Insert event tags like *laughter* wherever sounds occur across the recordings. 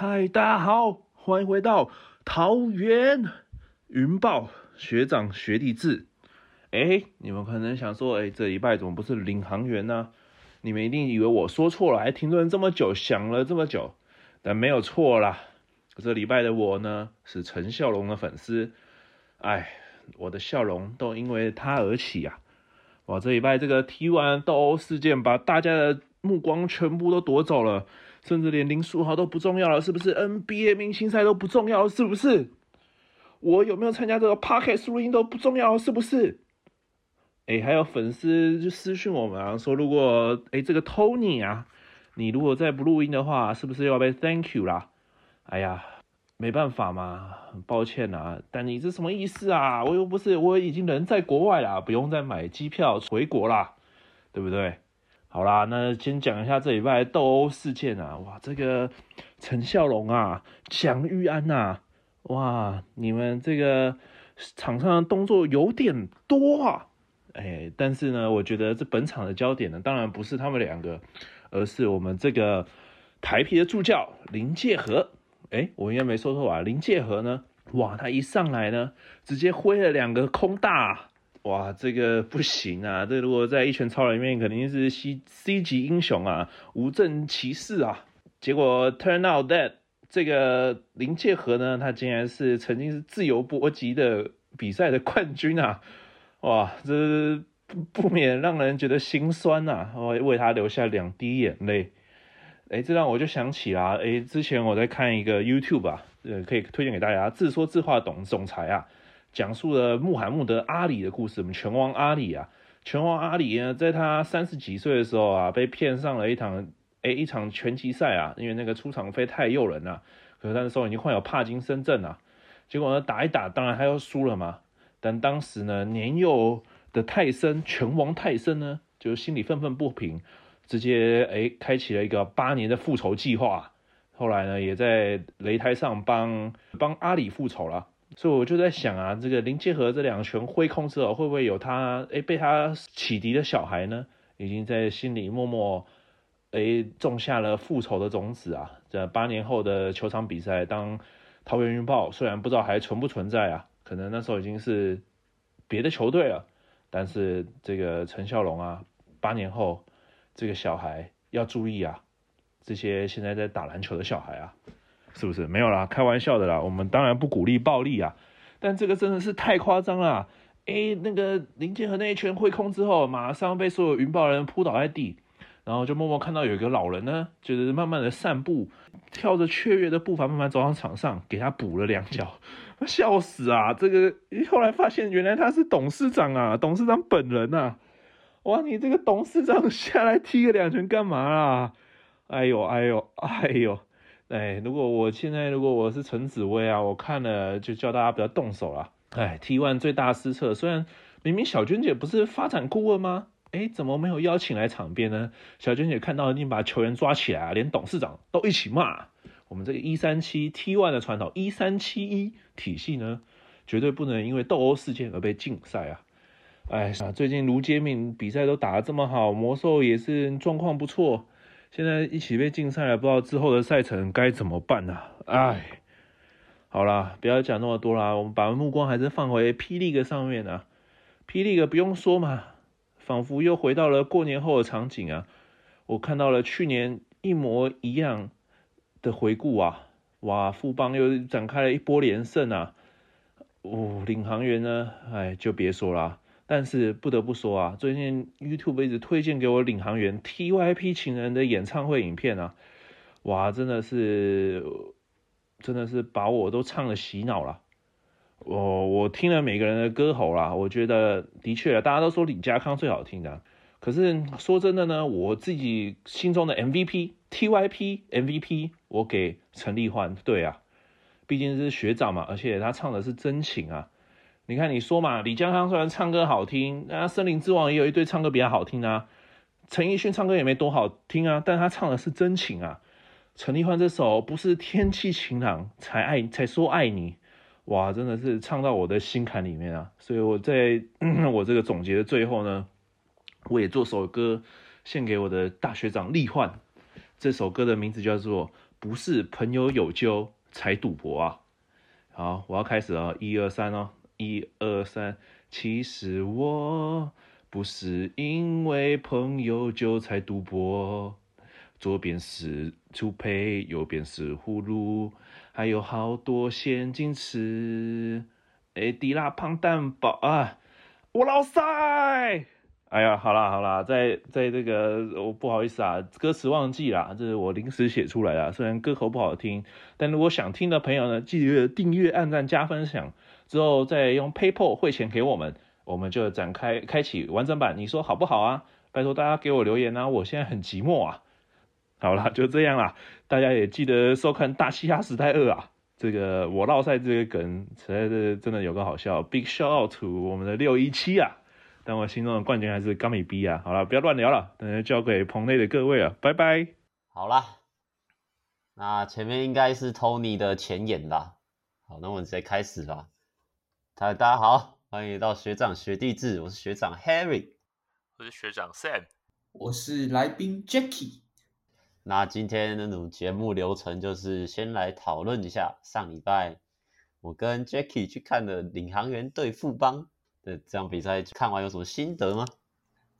嗨，大家好，歡迎回到桃園雲豹學長學弟制。哎、欸，你們可能想說，哎、欸，這禮拜怎麼不是領航猿呢？你們一定以為我說錯了，還停頓這麼久，想了這麼久，但沒有錯啦。這禮拜的我呢，是陳笑容的粉絲。哎，我的笑容都因為他而起呀、啊。我這禮拜這個 T1 鬥毆事件，把大家的目光全部都奪走了。甚至連林書豪都不重要了，是不是？NBA 明星賽都不重要了，是不是？我有沒有參加這個 podcast 錄音都不重要了，是不是？哎、欸，還有粉絲就私信我們啊，說，如果哎、欸、這個 Tony 啊，你如果再不錄音的話，是不是又要被 thank you 啦？哎呀，沒辦法嘛，很抱歉吶、啊。但你這什麼意思啊？我又不是我已經人在國外啦，不用再買機票回國啦，對不對？好啦，那先講一下這禮拜鬥毆事件啊，哇，這個陳孝龍啊，蔣淯安吶、啊，哇，你們這個場上的動作有點多啊，哎、欸，但是呢，我覺得這本場的焦點呢，當然不是他們兩個，而是我們這個台啤的助教林介和。哎、欸，我應該沒說錯吧？林介和呢，哇，他一上來呢，直接揮了兩個空大。哇，這個不行啊！這如果在《一拳超人》裡面肯定是 C C 級英雄啊，無證騎士啊。結果 turn out that 這個林介和呢，他竟然是曾經是自由搏擊的比賽的冠軍啊！哇，這不免讓人覺得心酸吶、啊，為為他流下兩滴眼淚。哎、欸，這讓我就想起啦，哎、欸，之前我在看一個 YouTube 啊，呃，可以推薦給大家，《自說自話的總裁》啊。講述了穆罕默德·阿里的故事。我們拳王阿里啊，拳王阿里呢，在他三十幾歲的時候啊，被騙上了一場誒，一場拳擊賽啊，因為那個出場費太誘人了。可是他那時候已經患有帕金森症啊，結果呢打一打，當然他又輸了嘛。但當時呢，年幼的泰森拳王泰森呢，就心裡憤憤不平，直接誒開啟了一個八年的復仇計劃。後來呢，也在擂台上幫幫阿里復仇了。所以我就在想啊，這個林杰和這兩拳揮空之後，會不會有他哎、欸、被他啟迪的小孩呢？已經在心裡默默哎、欸、種下了復仇的種子啊！這八年後的球場比賽，當桃園雲豹雖然不知道還存不存在啊，可能那時候已經是別的球隊了，但是這個陳孝龍啊，八年後這個小孩要注意啊，這些現在在打籃球的小孩啊。是不是沒有啦，開玩笑的啦。我們當然不鼓勵暴力啊，但這個真的是太誇張啦。誒、欸，那個林建和那一拳揮空之後，馬上被所有雲豹人撲倒在地，然後就默默看到有一個老人呢，就是慢慢的散步，跳着雀躍的步伐慢慢走上場上，給他補了兩腳，笑死啊！這個後來發現原來他是董事長啊，董事長本人啊。哇，你這個董事長下來踢個兩拳幹嘛啊？哎呦，哎呦，哎呦！哎，如果我現在，如果我是陳紫薇啊，我看了就叫大家不要動手了。哎，T1 最大失策，雖然明明小娟姐不是發展顧問嗎？哎，怎麼沒有邀請來場邊呢？小娟姐看到一定把球員抓起來，連董事長都一起罵。我們這個一三七 T1 的傳統一三七一體系呢，絕對不能因為鬥毆事件而被禁賽啊！哎，最近盧捷閔比賽都打得這麼好，魔獸也是狀況不錯。現在一起被禁賽了，不知道之後的賽程該怎麼辦呢、啊？哎，好啦，不要講那麼多啦，我們把目光還是放回 P. League 上面啊。P. League 不用說嘛，仿佛又回到了過年後的場景啊。我看到了去年一模一樣的回顧啊，哇，富邦又展開了一波連勝啊。哦，領航猿呢？哎，就別說啦。但是不得不說啊，最近 YouTube 一直推薦給我《領航猿》TYP 情人的演唱會影片啊，哇，真的是真的是把我都唱的洗腦了。我我聽了每個人的歌喉啦，我覺得的確大家都說李家康最好聽的，可是說真的呢，我自己心中的 MVP TYP MVP 我給陳立歡。對啊，畢竟是學長嘛，而且他唱的是真情啊。你看，你說嘛，李佳康雖然唱歌好聽，那、啊、森林之王也有一堆唱歌比較好聽啊。陳奕迅唱歌也沒多好聽啊，但他唱的是真情啊。陳立煥這首不是天氣晴朗才愛才說愛你，哇，真的是唱到我的心坎裡面啊。所以我在、嗯、我這個總結的最後呢，我也做首歌獻給我的大學長立煥，這首歌的名字叫做不是朋友有救才賭博啊。好，我要開始啊，一二三哦。一二三，其實我不是因為朋友就才賭博。左邊是搓牌，右邊是葫蘆，還有好多現金池。哎、欸，迪拉胖蛋寶啊，我老塞！哎呀，好啦好啦，在在這個，我不好意思啊，歌詞忘記啦。這是我臨時寫出來的、啊。雖然歌喉不好聽，但如果想聽的朋友呢，記得訂閱、按讚、加分享。之後再用 PayPal 匯錢給我們，我們就展開開啟完整版，你說好不好啊？拜託大家給我留言啊！我現在很寂寞啊。好啦，就這樣啦。大家也記得收看《大嘻哈時代二》啊。這個我落賽這個梗，實在是真的有個好笑。Big shout out to 我們的六一七啊，但我心中的冠軍還是 Gummy B 啊。好了，不要亂聊了，等下交給棚內的各位啊，拜拜。好啦。那前面應該是 Tony 的前言啦。好，那我們直接開始吧。嗨，大家好，歡迎到學長學弟制。我是學長 Harry，我是學長 Sam，我是來賓 Jackie。那今天那種節目流程就是先來討論一下上禮拜我跟 Jackie 去看的領航員對富邦，對，的這場比賽，看完有什麼心得嗎？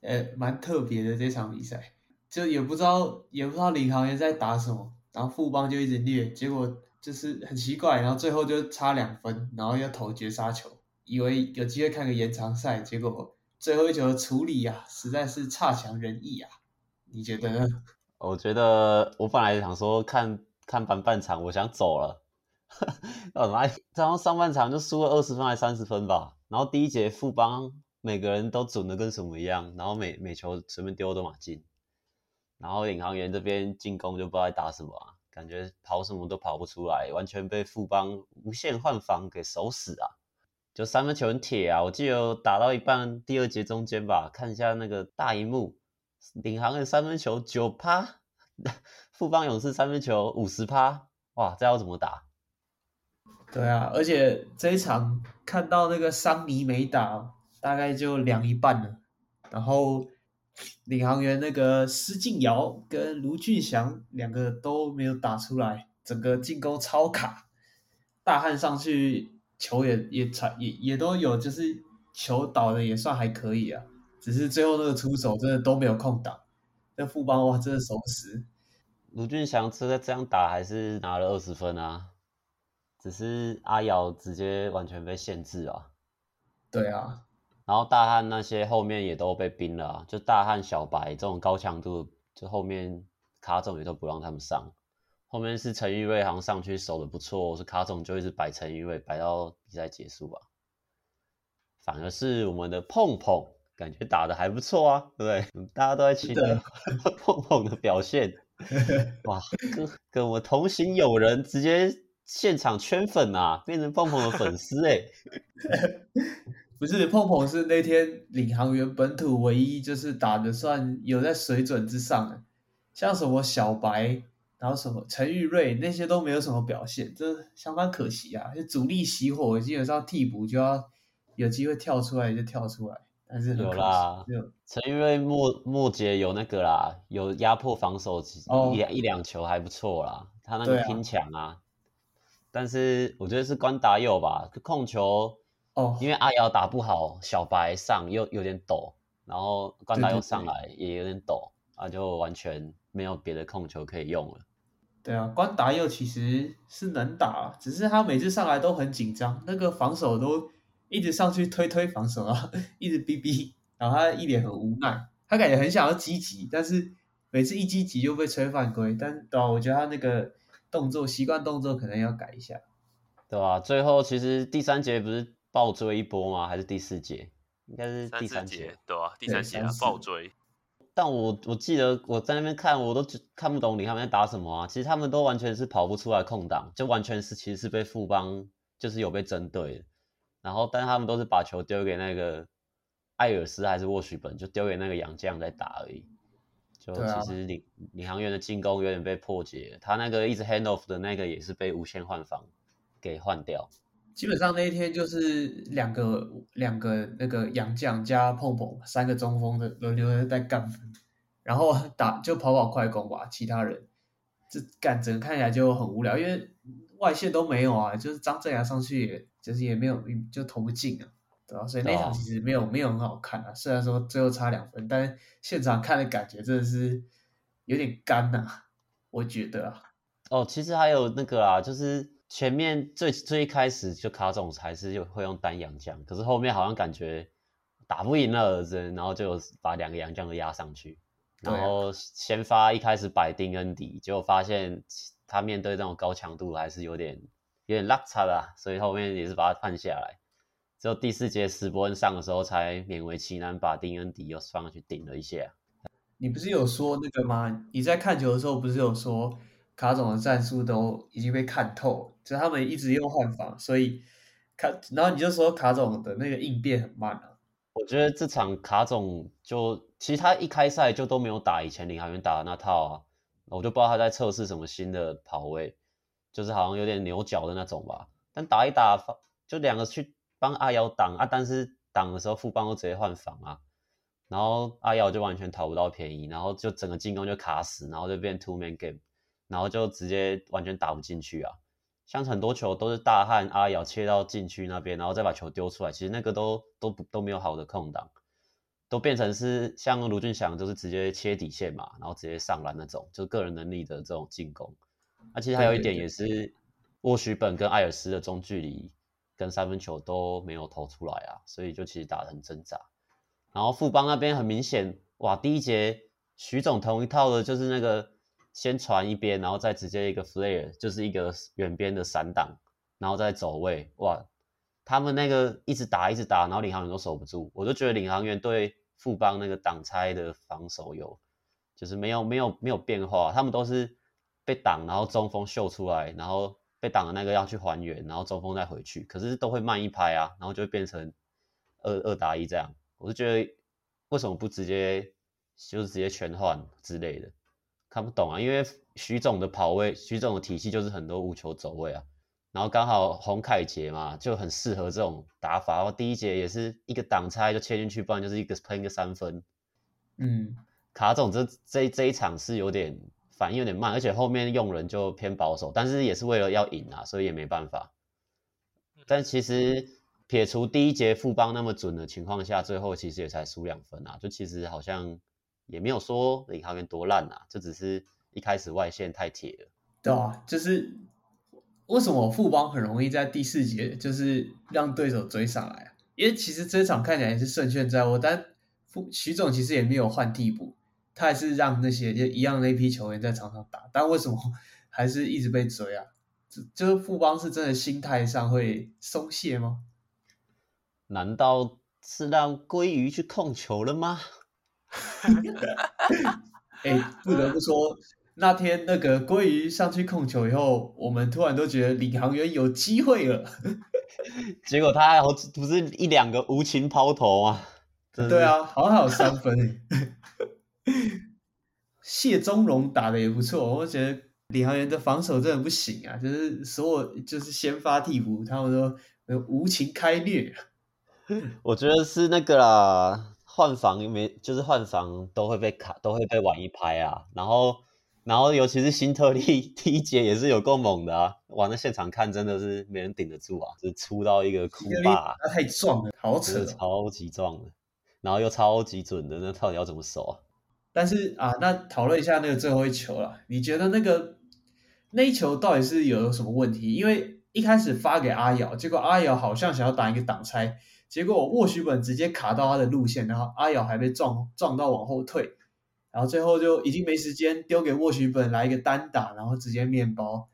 呃，蠻特別的這場比賽，就也不知道也不知道領航員在打什麼，然後富邦就一直虐，結果。就是很奇怪，然後最後就差兩分，然後要投絕殺球，以為有機會看個延長賽，結果最後一球的處理啊，實在是差強人意啊！你覺得？我覺得我本來想說看看半半場，我想走了， *laughs* 本來然後上半場就輸了二十分還三十分吧。然後第一節富邦每個人都準的跟什麼一樣，然後每每球隨便丟都馬進，然後領航猿這邊進攻就不知道在打什麼啊。感覺跑什麼都跑不出來，完全被富邦無限換防給守死啊！就三分球很鐵啊，我記得打到一半第二節中間吧，看一下那個大螢幕，領航的三分球九趴， *laughs* 富邦勇士三分球五十趴。哇，這要怎麼打？對啊，而且這一場看到那個桑尼沒打，大概就涼一半了，然後。領航員那個施晉堯跟盧俊祥兩個都沒有打出來，整個進攻超卡，大漢上去球也也也也都有，就是球倒的也算還可以啊，只是最後那個出手真的都沒有空檔。那副邦哇，真的熟識。盧俊祥這個這樣打還是拿了二十分啊，只是阿瑤直接完全被限制啊。對啊。然後大漢那些後面也都被冰了、啊，就大漢小白這種高強度，就後面卡總也都不讓他們上。後面是陳玉瑞，好像上去守的不錯，所以卡總就一直擺陳玉瑞，擺到比賽結束吧。反而是我們的碰碰感覺打的還不錯啊，對不對？大家都在期待碰碰 *laughs* 的表現。哇，跟跟我們同行友人直接現場圈粉啊，變成碰碰的粉絲哎、欸。 *laughs* 不是碰碰是那天領航猿本土唯一就是打的算有在水準之上的。像什麼小白，然後什麼陳玉瑞那些都沒有什麼表現，這相當可惜啊！就主力熄火，基本上替補就要有機會跳出來就跳出來，但是很可惜，有啦。陳玉瑞末末節有那個啦，有壓迫防守、哦、一兩一兩球還不錯啦，他那個拼搶啊，啊，但是我覺得是關打有吧，控球。因為阿瑤打不好，小白上又有點抖，然後關達又上來也有點抖，對對對，啊，就完全沒有別的控球可以用了。對啊，關達又其實是能打，啊，只是他每次上來都很緊張，那個防守都一直上去推推防守啊，一直逼逼，然後他一臉很無奈，他感覺很想要積極，但是每次一積極就被吹犯規，但，對吧、啊？我覺得他那個動作習慣動作可能要改一下，對吧、啊？最後其實第三節不是。爆追一波嗎？還是第四節？應該是第三節，對吧、啊？第三節啊，爆追。但我我記得我在那邊看，我都看不懂，你他們在打什麼啊？其實他們都完全是跑不出來空檔，就完全是其實是被富邦就是有被針對的。然後，但他們都是把球丟給那個艾爾斯還是沃許本，就丟給那個洋將在打而已。就其實領、啊、領航員的進攻有點被破解，他那個一直 hand off 的那個也是被無限換防給換掉。基本上那一天就是兩個兩個那個洋將加碰碰三個中鋒的輪流在在幹然後打就跑跑快攻吧，其他人這乾，整個看起來就很無聊，因為外線都沒有啊，就是張振揚上去也就是也沒有就投不進啊，對啊，所以那場其實沒有沒有很好看啊，哦、雖然說最後差兩分，但現場看的感覺真的是有點乾吶、啊，我覺得、啊。哦，其實還有那個啊，就是。前面最最一開始就卡總還是有會用單洋將，可是後面好像感覺打不贏了兒子，然後就把兩個洋將都壓上去，然後先發一開始擺丁恩迪，結果發現他面對這種高強度還是有點有點落差了啊，所以後面也是把他換下來，只有第四節斯波恩上的時候才勉為其難把丁恩迪又放上去頂了一下。你不是有說那個嗎？你在看球的時候不是有說？卡總的戰術都已經被看透了，就他們一直用換防，所以卡，然後你就說卡總的那個應變很慢啊。我覺得這場卡總就其實他一開賽就都沒有打以前林海源打的那套啊，我就不知道他在測試什麼新的跑位，就是好像有點牛角的那種吧。但打一打，就兩個去幫阿瑤擋啊，但是擋的時候副幫都直接換防啊，然後阿瑤就完全討不到便宜，然後就整個進攻就卡死，然後就變 two man game。然後就直接完全打不進去啊！像很多球都是大漢阿瑤切到禁區那邊，然後再把球丟出來，其實那個都都都沒有好的空檔，都變成是像盧峻翔都是直接切底線嘛，然後直接上籃那種，就個人能力的這種進攻，啊。那其實還有一點也是，沃許本跟艾爾斯的中距離跟三分球都沒有投出來啊，所以就其實打得很掙扎。然後富邦那邊很明顯，哇，第一節許總同一套的就是那個。先傳一邊，然後再直接一個 flare，就是一個遠邊的散擋，然後再走位。哇，他們那個一直打，一直打，然後領航猿都守不住。我就覺得領航猿對富邦那個擋拆的防守有，就是沒有沒有沒有變化。他們都是被擋，然後中鋒秀出來，然後被擋的那個要去還原，然後中鋒再回去。可是都會慢一拍啊，然後就會變成二二打一這樣。我就覺得為什麼不直接就是直接全換之類的？看不懂啊，因為許總的跑位，許總的體系就是很多無球走位啊，然後剛好洪楷傑嘛就很適合這種打法，然後第一節也是一個擋拆就切進去，不然就是一個噴個三分。嗯，卡總這這這一場是有點反應有點慢，而且後面用人就偏保守，但是也是為了要贏啊，所以也沒辦法。但其實撇除第一節富邦那麼準的情況下，最後其實也才輸兩分啊，就其實好像。也沒有說領航猿多爛吶、啊，這只是一開始外線太鐵了，對啊，就是為什麼富邦很容易在第四節就是讓對手追上來啊？因為其實這場看起來也是勝券在握，但徐總其實也沒有換替補，他還是讓那些就一樣的那批球員在場上打，但為什麼還是一直被追啊？就、就是富邦是真的心態上會鬆懈嗎？難道是讓鮭魚去控球了嗎？哎、 *laughs* *laughs* 欸，不得不說，那天那個鮭魚上去控球以後，我們突然都覺得領航猿有機會了。 *laughs* 結果他還不是一兩個無情拋投啊？對啊，好好三分。謝鍾榮打得也不錯，我覺得領航猿的防守真的不行啊，就是所有就是先發替補他們都無情開虐。 *laughs* 我覺得是那個啦。換防，沒，就是換防都會被卡，都會被晚一拍啊。然後，然後尤其是新特利第一節也是有夠猛的啊！哇，那現場看真的是沒人頂得住啊，就出到一個空霸，那太壯了，好扯，超級壯了，然後又超級準的，那到底要怎麼守啊？但是啊，那討論一下那個最後一球了，你覺得那個那一球到底是有有什麼問題？因為一開始發給阿瑤，結果阿瑤好像想要打一個擋拆。結果我沃許本直接卡到他的路線，然後阿瑤還被撞撞到往後退，然後最後就已經沒時間丟給沃許本來一個單打，然後直接麵包，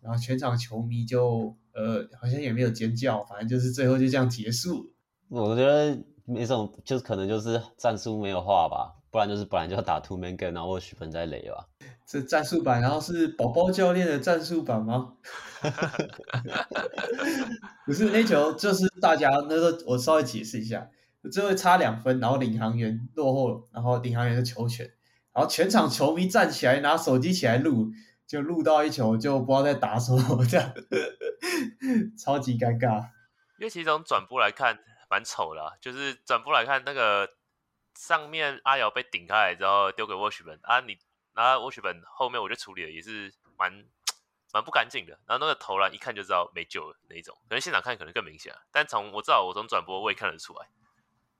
然後全場球迷就呃好像也沒有尖叫，反正就是最後就這樣結束。我覺得沒什麼，就是可能就是戰術沒有畫吧，不然就是不然就要打 two man game 然後沃許本再雷吧。是戰術版，然後是寶寶教練的戰術版嗎？ *laughs* 不是那球，就是大家那個我稍微解釋一下，最後差兩分，然後領航猿落後，然後領航猿的球權，然後全場球迷站起來拿手機起來錄，就錄到一球，就不要再打手了，這樣 *laughs* 超級尷尬。因為其實從轉播來看蠻醜的啊，就是轉播來看那個上面阿瑤被頂開來然後丟給沃許本啊，你。然後我許本後面我就處理了，也是蠻蠻不乾淨的。然後那個投籃一看就知道沒救了那一種，可能現場看可能更明顯，但從我知道我從轉播我也看得出來，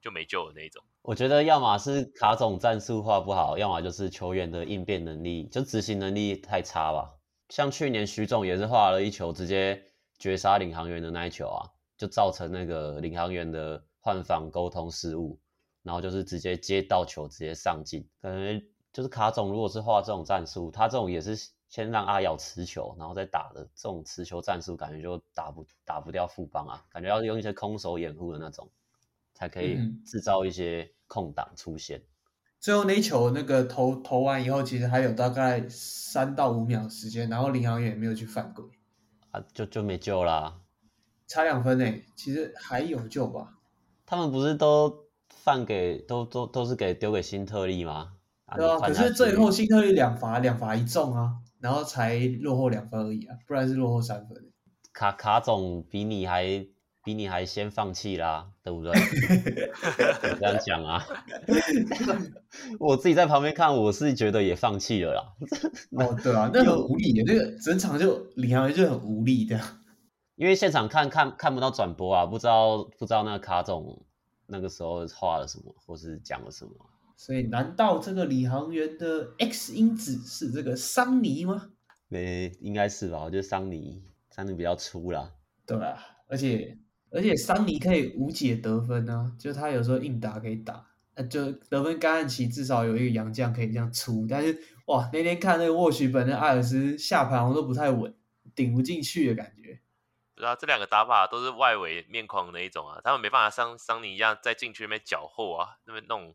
就沒救了那一種。我覺得要麼是卡總戰術畫不好，要麼就是球員的應變能力就執行能力太差吧。像去年徐總也是畫了一球，直接絕殺領航猿的那一球啊，就造成那個領航猿的換防溝通失誤，然後就是直接接到球直接上進，可能。就是卡總，如果是畫這種戰術，他這種也是先讓阿瑤持球，然後再打的這種持球戰術，感覺就打不打不掉富邦啊，感覺要用一些空手掩護的那種，才可以制造一些空檔出現。嗯。最後那一球那個投投完以後，其實還有大概三到五秒時間，然後領航猿也沒有去犯規啊，就就沒救啦，差兩分誒，其實還有救吧？他們不是都犯給都都都是給丟給新特立嗎？對啊，可是最後新特利兩罰兩罰一中啊，然後才落後兩分而已啊，不然是落後三分。卡卡總比你還比你還先放棄啦，啊，對不對？ *laughs* 怎麼這樣講啊？ *laughs* *laughs* *laughs* 我自己在旁邊看，我是覺得也放棄了啦 *laughs* 哦，對啊，那個很無力的，的，那個整場就領航猿就很無力的，因為現場看看看不到轉播啊，不知道不知道那個卡總那個時候畫了什麼或是講了什麼。所以，難道這個領航猿的 X 因子是這個桑尼嗎？沒，應該是吧。我覺得桑尼桑尼比較粗啦，對啊。而且而且桑尼可以無解得分啊，就他有時候硬打可以打，那就得分乾旱期至少有一個洋將可以這樣出。但是哇，那天看那個沃許本跟艾爾斯下盤，我都不太穩，頂不進去的感覺。不知道這兩個打法都是外圍面框的一種啊，他們沒辦法像桑尼一樣在禁區裡面攪和啊，那邊弄。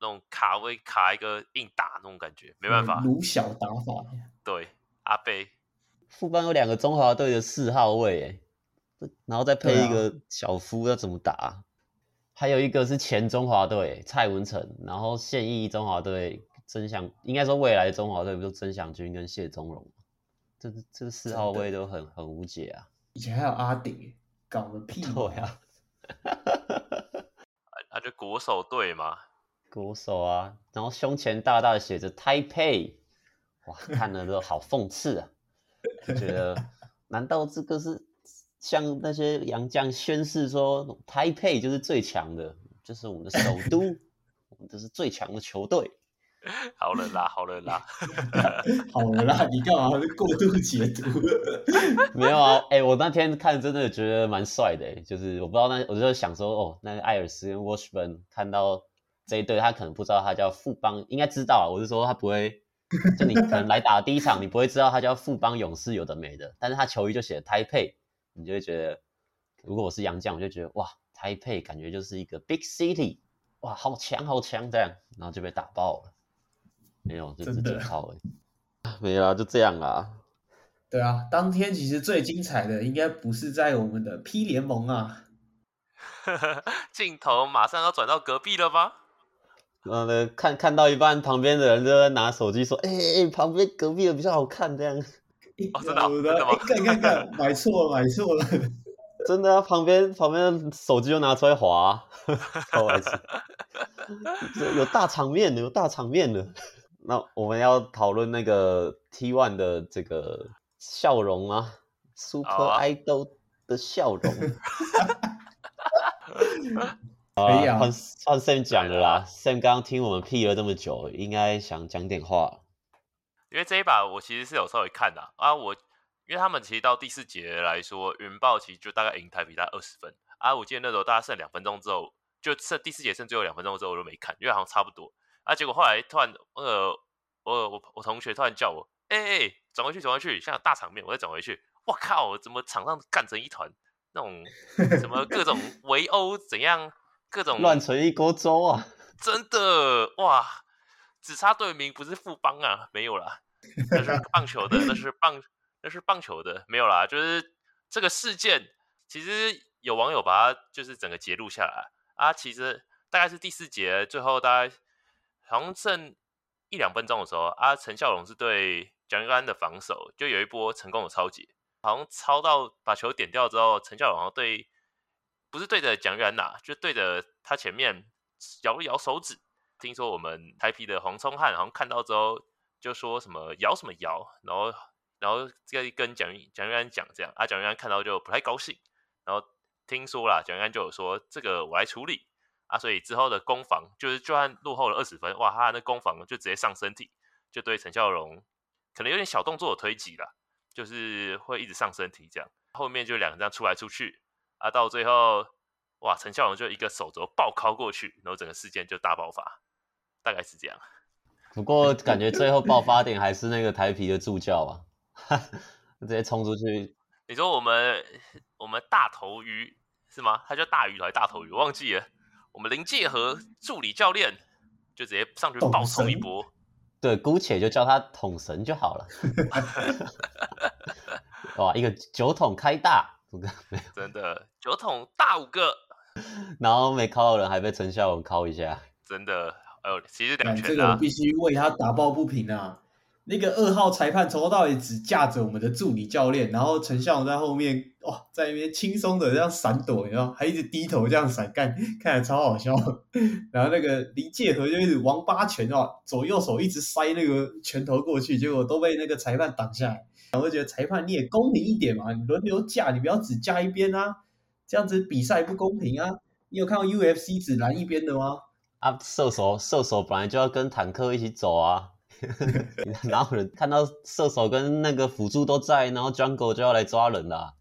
那種卡位卡一個硬打那種感覺，沒辦法。五、哦、小打法。對，阿貝富邦有兩個中華隊的四號位、欸，然後再配一個小夫，要怎麼打啊？還有一個是前中華隊蔡文誠，然後現役中華隊曾祥，應該說未來的中華隊不就曾祥鈞跟謝宗融，這這四號位都很很無解啊。以前還有阿鼎，搞個屁呀！哈哈哈哈哈。啊就國手隊嘛。鼓手啊，然後胸前大大的寫着台北，哇，看了都好諷刺啊！就覺得，難道這個是向那些洋將宣誓說，台北就是最強的，就是我們的首都， *laughs* 我們這是最強的球隊？好了啦，好了啦， *laughs* *laughs* 好了啦，你幹嘛過度解讀？ *laughs* 沒有啊，哎、欸，我那天看真的覺得蠻帥的、欸，就是我不知道那，我就想說，哦，那個艾爾斯跟 Washburn 看到。這一隊他可能不知道他叫富邦，應該知道啊。我是說他不會，就你可能來打第一場， *laughs* 你不會知道他叫富邦勇士有的沒的，但是他球衣就寫的台北，你就會覺得，如果我是洋將，我就覺得哇，台北感覺就是一個 big city，哇，好強好強這樣，然後就被打爆了，沒有，就是九號了沒有啊，就這樣啊，對啊，當天其實最精彩的應該不是在我們的 P 聯盟啊，鏡 *laughs* 頭馬上要轉到隔壁了嗎？看看到一半，旁邊的人都在拿手機說：“哎、欸欸，旁邊隔壁的比較好看。”這樣，哦，真的，哦真的哦欸，看看看，買錯了，買錯了， *laughs* 真的、啊、旁邊旁邊手機又拿出來滑、啊，超白癡，有大場面的，有大場面的。那我們要討論那個 T1 的這個笑容嗎？Super Idol 的笑容。 *laughs* *laughs* 啊，很像 Sam 講的啦。Sam 剛剛聽我們 P 了這麼久，應該想講點話。因為這一把我其實是有稍微看的啊，啊我因為他們其實到第四節來說，雲豹其實就大概贏台啤大概二十分啊。我記得那時候大家剩兩分鐘之後，就剩第四節剩最後兩分鐘之後，我都沒看，因為好像差不多啊。結果後來突然呃，我我我同學突然叫我，哎、欸、哎、欸，轉回去轉回去，像大場面，我再轉回去。我靠，怎麼場上幹成一團那種？什麼各種圍毆，怎樣？ *laughs* 各種亂成一鍋粥啊！真的哇，只差隊名不是富邦啊，沒有啦。那是棒球的，那是棒，那是棒球的，沒有啦。就是這個事件，其實有網友把它就是整個截錄下來啊。其實大概是第四節最後，大概好像剩一兩分鐘的時候啊，陳孝榮是對蔣淯安的防守，就有一波成功的抄截，好像抄到把球點掉之後，陳孝榮對。不是對着蔣玉安吶，就對着他前面搖了搖手指。聽說我們台啤的黃聰漢好像看到之後，就說什麼搖什麼搖，然後然後這個跟蔣玉蔣玉安講這樣啊，蔣玉安看到就不太高興。然後聽說啦，蔣玉安就有說這個我來處理啊，所以之後的攻防就是就算落後了二十分，哇，他那攻防就直接上身體，就對陳孝榮可能有點小動作的推擠了，就是會一直上身體這樣，後面就兩個人這樣出來出去。啊，到最後，哇，陳孝榮就一個手肘暴尻過去，然後整個事件就大爆發，大概是這樣。不過感覺最後爆發點還是那個台啤的助教啊， *laughs* 直接衝出去。你說我們我們大頭魚是嗎？他叫大魚還是大頭魚？我忘記了。我們臨界和助理教練就直接上去爆衝一波，對，姑且就叫他統神就好了。 *laughs* *laughs* 哇，一個酒桶開大。五個，真的，酒 *laughs* 桶大五個， *laughs* 然後沒考的人還被陳孝文考一下，真的，哎呦，其實兩拳、啊這個、我必須為他打抱不平啊。那個二號裁判從頭到尾只架着我們的助理教練，然後陳孝文在後面，哇，在那邊輕鬆的這樣閃躲，你知道，還一直低頭這樣閃，幹，看着超好笑。 *laughs* 然後那個林介和就一直王八拳啊，左右手一直塞那個拳頭過去，結果都被那個裁判擋下來。我會覺得裁判你也公平一點嘛，輪流架，你不要只架一邊啊，這樣子比賽不公平啊。你有看到 UFC 只攔一邊的嗎？啊，射手，射手本來就要跟坦克一起走啊， *laughs* 然後人看到射手跟那個輔助都在，然後 Jungle 就要來抓人啦，啊？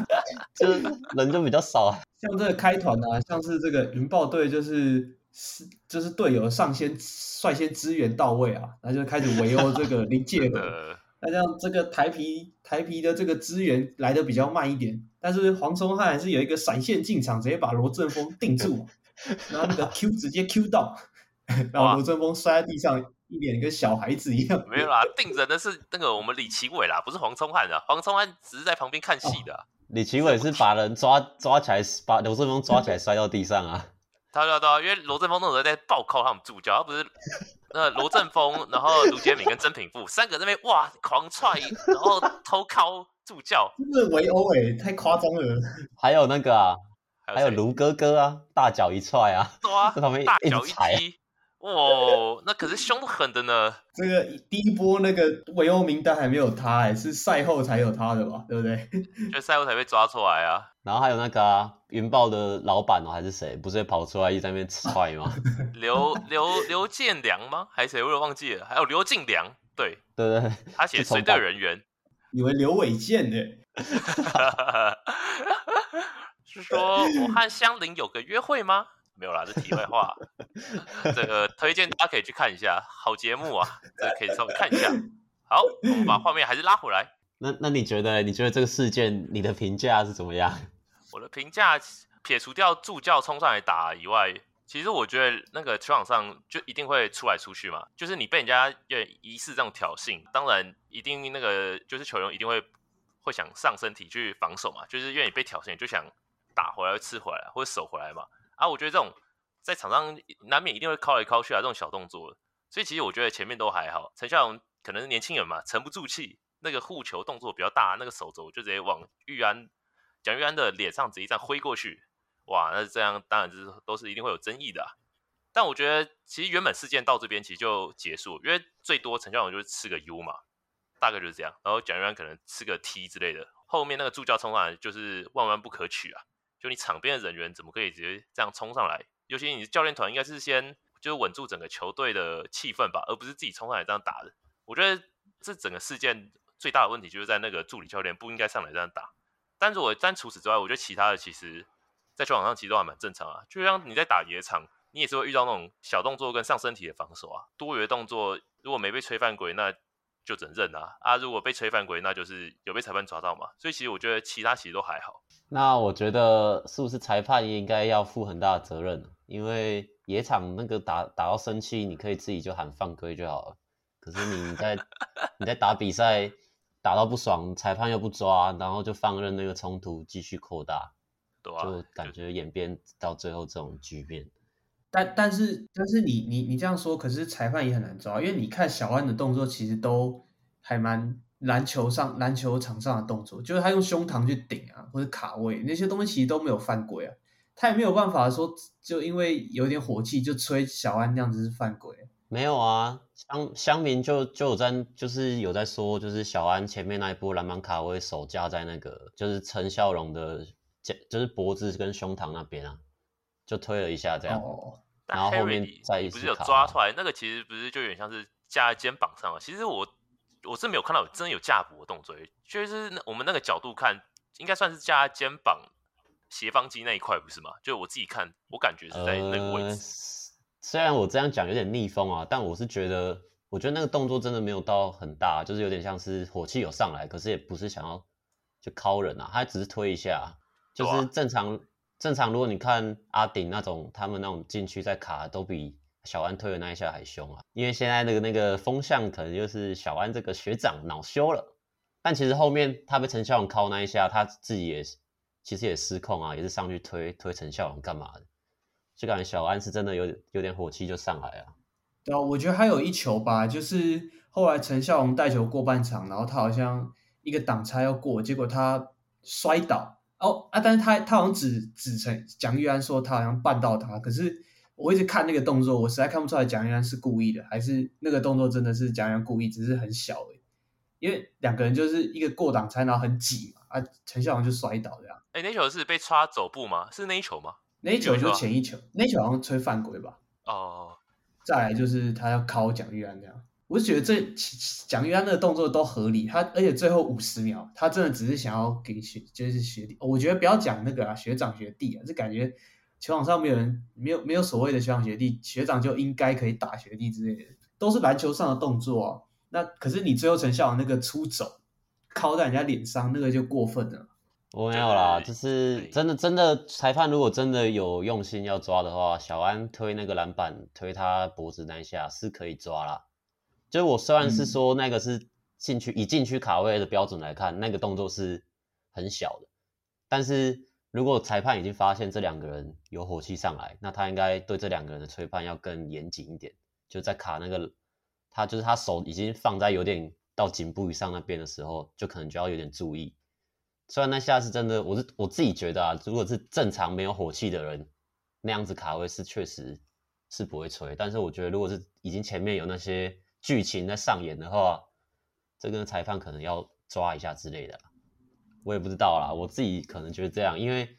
*laughs* 就是人就比較少。啊。 *laughs* 像這個開團呢，啊，像是這個雲豹隊，就是就是隊友上先率先支援到位啊，然後就開始圍毆這個離界 *laughs* 的。那像這，這個台啤台啤的這個資源來的比較慢一點，但是黃聰漢還是有一個閃現進場，直接把羅振峰定住 *laughs* 然後你的 Q 直接 Q 到， *laughs* 然後羅振峰摔在地上，哦啊、一臉跟小孩子一樣。沒有啦，定着的是那個我們李奇偉啦，不是黃聰漢啊，黃聰漢只是在旁邊看戲的。哦，李奇偉是把人抓抓起來，把羅振峰抓起來摔到地上啊。對啊對，因為羅振峰那時候在暴扣他們助教，他不是。 *laughs* 那羅振峰，然後盧杰敏跟曾品富 *laughs* 三個在那邊哇狂踹，然後偷靠助教，真的圍毆哎，太誇張了。 *laughs* 還有那個啊，還有盧哥哥啊，大腳一踹啊，對啊，在旁邊大腳一踩，哇、哦， *laughs* 那可是凶狠的呢。這個第一波那個圍毆名單還沒有他哎、欸，是賽後才有他的吧？對不對？ *laughs* 就賽後才被抓出來啊。然後還有那個啊。雲豹的老闆、哦、還是誰？不是跑出來一直在那邊踹嗎？劉劉劉建良嗎？還是誰？我也忘記了。還有劉敬良對，對對對。而且隨隊人員，以為劉偉健呢。是 *laughs* 說我和香菱有個約會嗎？沒有啦，這題外話。這個推薦大家可以去看一下，好節目啊，這個、可以稍微看一下。好，我們把畫面還是拉回來。那那你覺得？你覺得這個事件，你的評價是怎麼樣？我的評價，撇除掉助教衝上來打以外，其實我覺得那個球場上就一定會出來出去嘛。就是你被人家越一次這種挑釁，當然一定那個就是球員一定會會想上身體去防守嘛。就是願意被挑釁，就想打回來、吃回來或者守回來嘛。啊，我覺得這種在場上難免一定會靠來靠去啊，這種小動作。所以其實我覺得前面都還好。陳孝榮可能年輕人嘛，沉不住氣，那個護球動作比較大，那個手肘就直接往玉安，蔣玉安的臉上直接這樣揮過去，哇，那這樣，當然就是都是一定會有爭議的啊。但我覺得其實原本事件到這邊其實就結束，因為最多陳教練就是吃個 U 嘛，大概就是這樣。然後蔣玉安可能吃個 T 之類的。後面那個助教衝上來就是萬萬不可取啊！就你場邊的人員怎麼可以直接這樣衝上來？尤其你的教練團應該是先就是穩住整個球隊的氣氛吧，而不是自己衝上來這樣打的。我覺得這整個事件最大的問題就是在那個助理教練不應該上來這樣打。但是我，但除此之外，我覺得其他的其實在球場上其實都還蠻正常啊。就像你在打野場，你也是會遇到那種小動作跟上身體的防守啊。多餘的動作如果沒被吹犯規，那就只能認啊啊！如果被吹犯規，那就是有被裁判抓到嘛。所以其實我覺得其他其實都還好。那我覺得是不是裁判也應該要負很大的責任呢？因為野場那個打打到生氣，你可以自己就喊犯規就好了。可是你在 *laughs* 你在打比賽。打到不爽，裁判又不抓，然後就放任那個衝突繼續擴大，對啊，就感覺演變到最後這種局面。但但是但是你你你這樣說，可是裁判也很難抓，因為你看小安的動作其實都還蠻籃球上籃球場上的動作，就是他用胸膛去頂啊，或者卡位那些東西其實都沒有犯規啊，他也沒有辦法說就因為有點火氣就吹小安這樣子是犯規啊。沒有啊，鄉鄉民就就有在就是有在說，就是小安前面那一波籃板卡位手架在那個就是陳孝榮的肩，就是脖子跟胸膛那邊啊，就推了一下這樣，哦，然後後面再不是有抓出來那個其實不是就有點像是架在肩膀上啊，其實我我是沒有看到真的有架脖的動作，就是我們那個角度看應該算是架在肩膀斜方肌那一塊不是嗎？就我自己看我感覺是在那個位置。呃雖然我這樣講有點逆風啊，但我是覺得，我覺得那個動作真的沒有到很大，就是有點像是火氣有上來，可是也不是想要就敲人啊，他只是推一下，就是正常正常。如果你看阿鼎那種，他們那種禁區在卡，都比小安推的那一下還兇啊。因為現在那個那個風向可能就是小安這個學長惱羞了，但其實後面他被陳校長敲那一下，他自己也其實也失控啊，也是上去推推陳校長幹嘛的。就感覺小安是真的有點有點火氣就上來了、啊。對、啊，我覺得還有一球吧，就是後來陳孝龍帶球過半場，然後他好像一個擋拆要過，結果他摔倒。哦、啊，但是他他好像指指成蔣淯安說他好像絆到他，可是我一直看那個動作，我實在看不出來蔣淯安是故意的，還是那個動作真的是蔣淯安故意，只是很小哎、欸。因為兩個人就是一個過擋拆，然後很擠嘛，啊，陳孝龍就摔倒這樣。哎，那球是被抓走步嗎？是那一球嗎？那一球就是前一球，那一球好像吹犯規吧？哦，uh，再來就是他要靠蔣玉安這樣，我就覺得這蔣玉安那個動作都合理，他而且最後五十秒，他真的只是想要給學就是學弟，我覺得不要講那個啊，學長學弟啊，就感覺球場上沒有人沒有沒有所謂的學長學弟，學長就應該可以打學弟之類的，都是籃球上的動作啊。那可是你最後陳校長那個出肘，靠在人家臉上，那個就過分了。我沒有啦,就是真的真的，裁判如果真的有用心要抓的話，小安推那個籃板推他脖子那一下是可以抓啦。就我雖然是說那個是禁區，以禁區卡位的標準來看，那個動作是很小的。但是如果裁判已經發現這兩個人有火氣上來，那他應該對這兩個人的吹判要更嚴謹一點，就在卡那個他就是他手已經放在有點到頸部以上那邊的時候，就可能就要有點注意。雖然那下是真的，我是我自己覺得啊，如果是正常沒有火氣的人，那樣子卡位是確實是不會吹，但是我覺得如果是已經前面有那些劇情在上演的話，這個裁判可能要抓一下之類的，我也不知道啦，我自己可能就是這樣，因為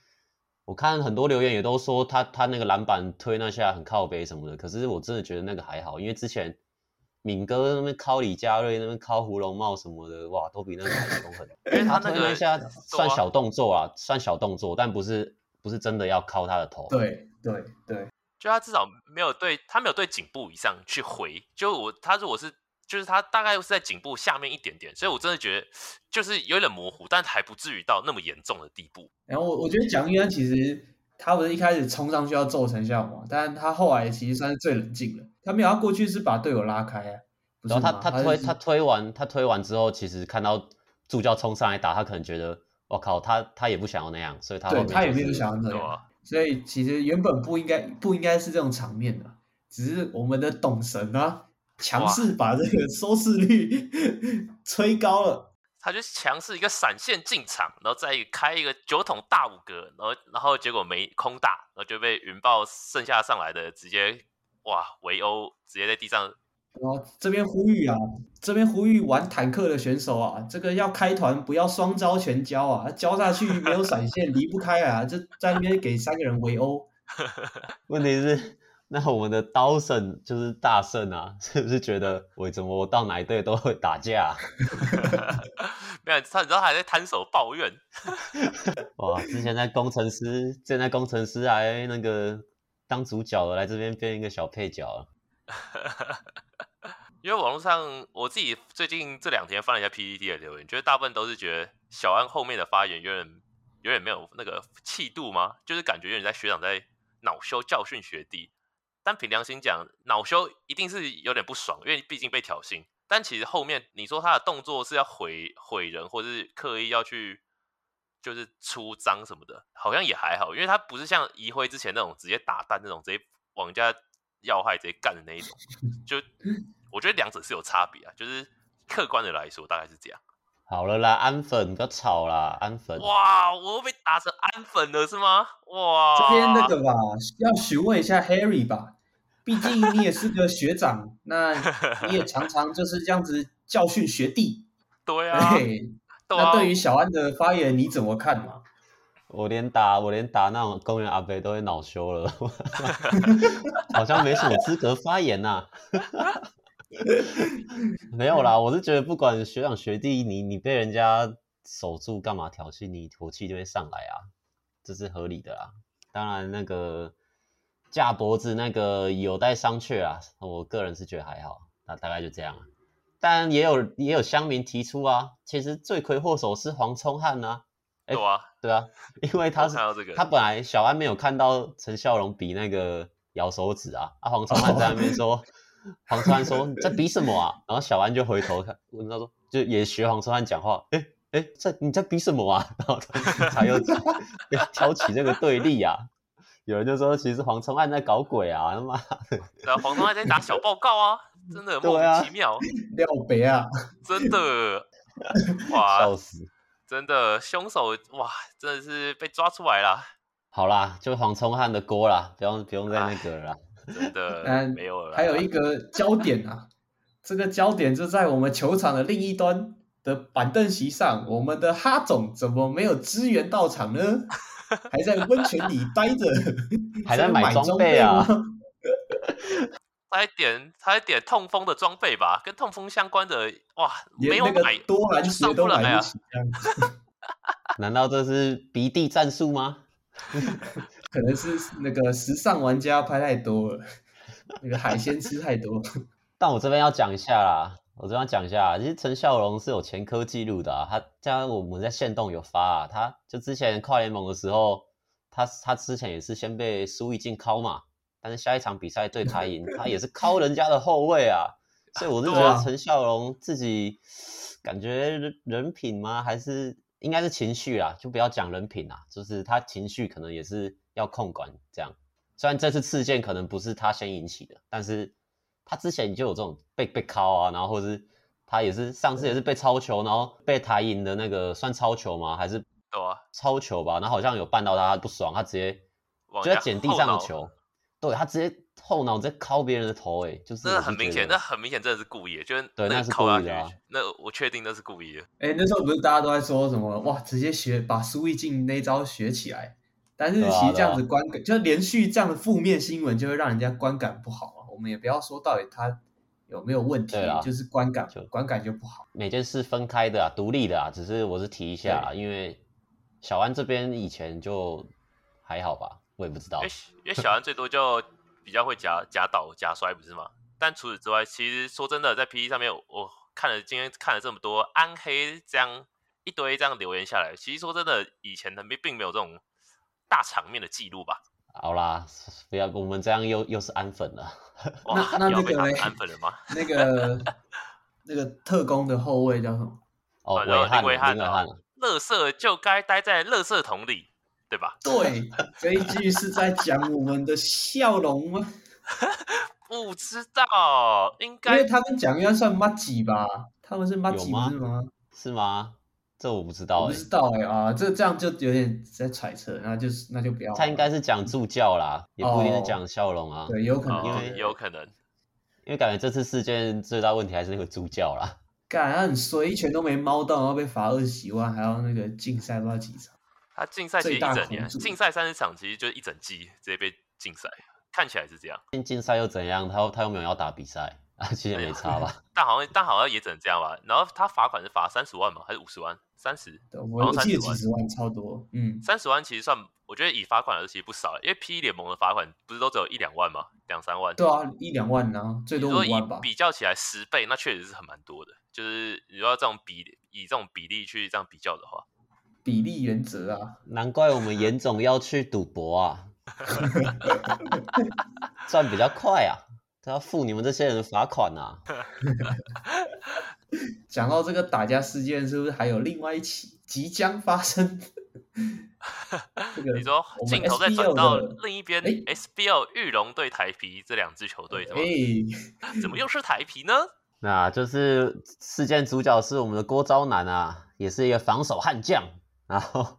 我看很多留言也都說他他那個籃板推那下很靠北什麼的，可是我真的覺得那個還好，因為之前。敏哥那邊敲李佳瑞，那邊敲胡龍茂什麼的，哇，都比那個台東 *laughs* 為他那個那一下算小動作啊，啊，算小動作，但不是不是真的要敲他的頭。對對對，就他至少沒有對他沒有對頸部以上去回，就我他如果是就是他大概是在頸部下面一點點，所以我真的覺得就是有點模糊，但還不至於到那麼嚴重的地步。然、欸、後我我覺得蔣淯安其實他不是一開始衝上去要揍陳孝華，但他後來其實算是最冷靜了。他沒有，要過去是把隊友拉開啊。然後他他推他、就是、他推完他推完之後，其實看到助教衝上來打，他可能覺得我靠，他他也不想要那樣，所以他、就是、他也沒有想要那樣。所以其實原本不應該不應該是這種場面的，只是我們的董神啊，強勢把這個收視率 *laughs* 吹高了。他就強勢一個閃現進場，然後再開一個酒桶大五個，然後然後結果沒空打，然後就被雲豹剩下上來的直接。哇，圍毆直接在地上！我這邊呼籲啊，這邊呼籲、啊、玩坦克的選手啊，這個要開團，不要雙招全交啊，交下去沒有閃現，離 *laughs* 不開啊！就在那邊給三個人圍毆。問題是，那我們的刀神就是大聖啊，是不是覺得我怎麼我到哪隊都會打架、啊？ *laughs* *laughs* 沒有，他你知道他還在攤手抱怨。 *laughs* 哇，之前在工程師，現在工程師還那個。當主角的來這邊變一個小配角 *laughs* 因為網絡上，我自己最近這兩天翻了一下 PTT 的留言，覺得大部分都是覺得小安後面的發言有點有點沒有那個氣度嗎？就是感覺有點在學長在惱羞教訓學弟。但憑良心講，惱羞一定是有點不爽，因為畢竟被挑釁。但其實後面你說他的動作是要毀毀人，或者是刻意要去。就是出髒什麼的，好像也還好，因為他不是像移輝之前那種直接打蛋那種，直接往人家要害直接幹的那一種。就我覺得兩者是有差別啊，就是客觀的來說，大概是這樣。好了啦，安粉的吵啦，安粉。哇，我都被打成安粉了是嗎？哇，這邊那個吧，要詢問一下 Harry 吧，畢竟你也是個學長， *laughs* 那你也常常就是這樣子教訓學弟。對啊。 *laughs* 那對於小安的發言你怎麼看呢？我連打我連打那種公園阿伯都會惱羞了， *laughs* 好像沒什麼資格發言吶、啊。 *laughs* 沒有啦，我是覺得不管學長學弟你，你你被人家守住幹嘛挑釁你，火氣就會上來啊，這是合理的啊。當然那個架脖子那個有待商榷啊，我個人是覺得還好，大大概就這樣。但也有也有鄉民提出啊，其實罪魁禍首是黃聰漢吶，有、欸、啊，對啊，因為他是要這個，他本來小安沒有看到陳孝榮比那個咬手指啊，啊黃聰漢在那邊說，哦、黃聰漢說， *laughs* 聰漢說你在比什麼啊？然後小安就回頭看，問他說，就也學黃聰漢講話，誒誒這你在比什麼啊？然後他才又 *laughs* 挑起這個對立啊，有人就說其實黃聰漢在搞鬼啊，他媽的，黃聰漢在打小報告啊。 *laughs* 真的很莫名其妙，尿、啊、白啊！真的，哇，笑死！真的凶手哇，真的是被抓出來了。好啦，就黃沖漢的鍋啦，不用不用再那個了啦。真的，嗯、沒有了。還有一個焦點啊， *laughs* 這個焦點就在我們球場的另一端的板凳席上。我們的哈總怎麼沒有支援到場呢？還在溫泉裡待着，還在買裝備啊？ *laughs* 是他一點，他點痛風的裝備吧，跟痛風相關的，哇，沒有買、那個、多啊，就是上不了來啊。 *laughs* 難道這是鼻 d 戰術嗎？ *laughs* 可能是那個時尚玩家拍太多了， *laughs* 那個海鮮吃太多了。 *laughs* 但我這邊要講一下啦，我這邊要講一下，其實陳笑容是有前科記錄的、啊，他，像我們在限動有發、啊，他就之前跨聯盟的時候，他他之前也是先被蘇一靜敲嘛。但是下一場比賽對台銀，他也是靠人家的後衛啊， *laughs* 所以我就覺得陳孝龍自己感覺人品嗎？還是應該是情緒啦、啊？就不要講人品啊，就是他情緒可能也是要控管，這樣。雖然這次事件可能不是他先引起的，但是他之前就有這種被被靠啊，然後或是他也是上次也是被抄球，然後被台銀的那個算抄球嗎？還是有啊，抄球吧。然後好像有絆到他，他不爽，他直接就在撿地上的球。對，他直接後腦直接敲別人的頭，欸，哎，就是，那是很明顯，那很明顯真的是故意，就是對，那是故意的啊。那我確定那是故意的。哎，欸，那時候不是大家都在說什麼哇，直接學把蘇奕靜那一招學起來，但是其實這樣子觀感，啊啊，就連續這樣的負面新聞就會讓人家觀感不好啊，我們也不要說到底他有沒有問題，就是觀感就觀感就不好。每件事分開的，啊，獨立的啊，只是我是提一下啊，因為小安這邊以前就還好吧。我也不知道，因為因為小安最多就比較會假 *laughs* 假倒假摔，不是嗎？但除此之外，其實說真的，在 PTT 上面，我看了今天看了這麼多安黑這樣一堆這樣留言下來，其實說真的，以前他們並，並沒有這種大場面的記錄吧。好啦，不要跟我們這樣又又是安粉了。哇，那，那，那個被安粉了嗎？那、那個、 *laughs* 那個、那個特工的後衛叫什麼？哦，威漢威漢樂色就該待在樂色桶裡。對吧？ *laughs* 對，這一句是在講我們的笑容嗎？ *laughs* 不知道，應該因為他們講應該算麻吉吧？他們是麻吉，是嗎？是嗎？這我不知道、欸，我不知道哎、欸、啊，這這樣就有點在揣測，那就是那就不要。他應該是講助教啦，也不一定是講笑容啊，oh, 對，有可能，因為有可能，因為感覺這次事件最大問題還是那個助教啦。感覺很衰，一拳都沒摸到，然後被罰二十幾萬，還要那個禁賽不知道幾場。他禁賽其實一整年，禁賽三十場，其實就是一整季直接被禁賽，看起來是這樣。禁賽又怎樣？他他又沒有要打比賽啊， *laughs* 其實也沒差吧。哎哎、但好像但好像也只能這樣吧。 *laughs* 然後他罰款是罰三十萬嘛，還是五十萬？三十，我記得幾十萬,萬超多。嗯，三十萬其實算，我覺得以罰款的其實不少、欸，因為 P 聯 -E、盟的罰款不是都只有一兩萬嗎？兩三萬。對啊，一兩萬呢、啊，最多一萬、就是、以比較起來十倍，那確實是很蠻多的。就是你說這種比以這種比例去這樣比較的話。比例原則啊，難怪我們嚴總要去賭博啊，賺 *laughs* *laughs* 比較快啊，他要付你們這些人罰款吶、啊。講 *laughs* 到這個打架事件，是不是還有另外一起即將發生？ *laughs* 這個、你說鏡頭再轉到另一邊，S B L 裕隆隊台啤這兩支球隊是、欸、怎麼又是台啤呢？那就是事件主角是我們的郭昭男啊，也是一個防守悍將。然後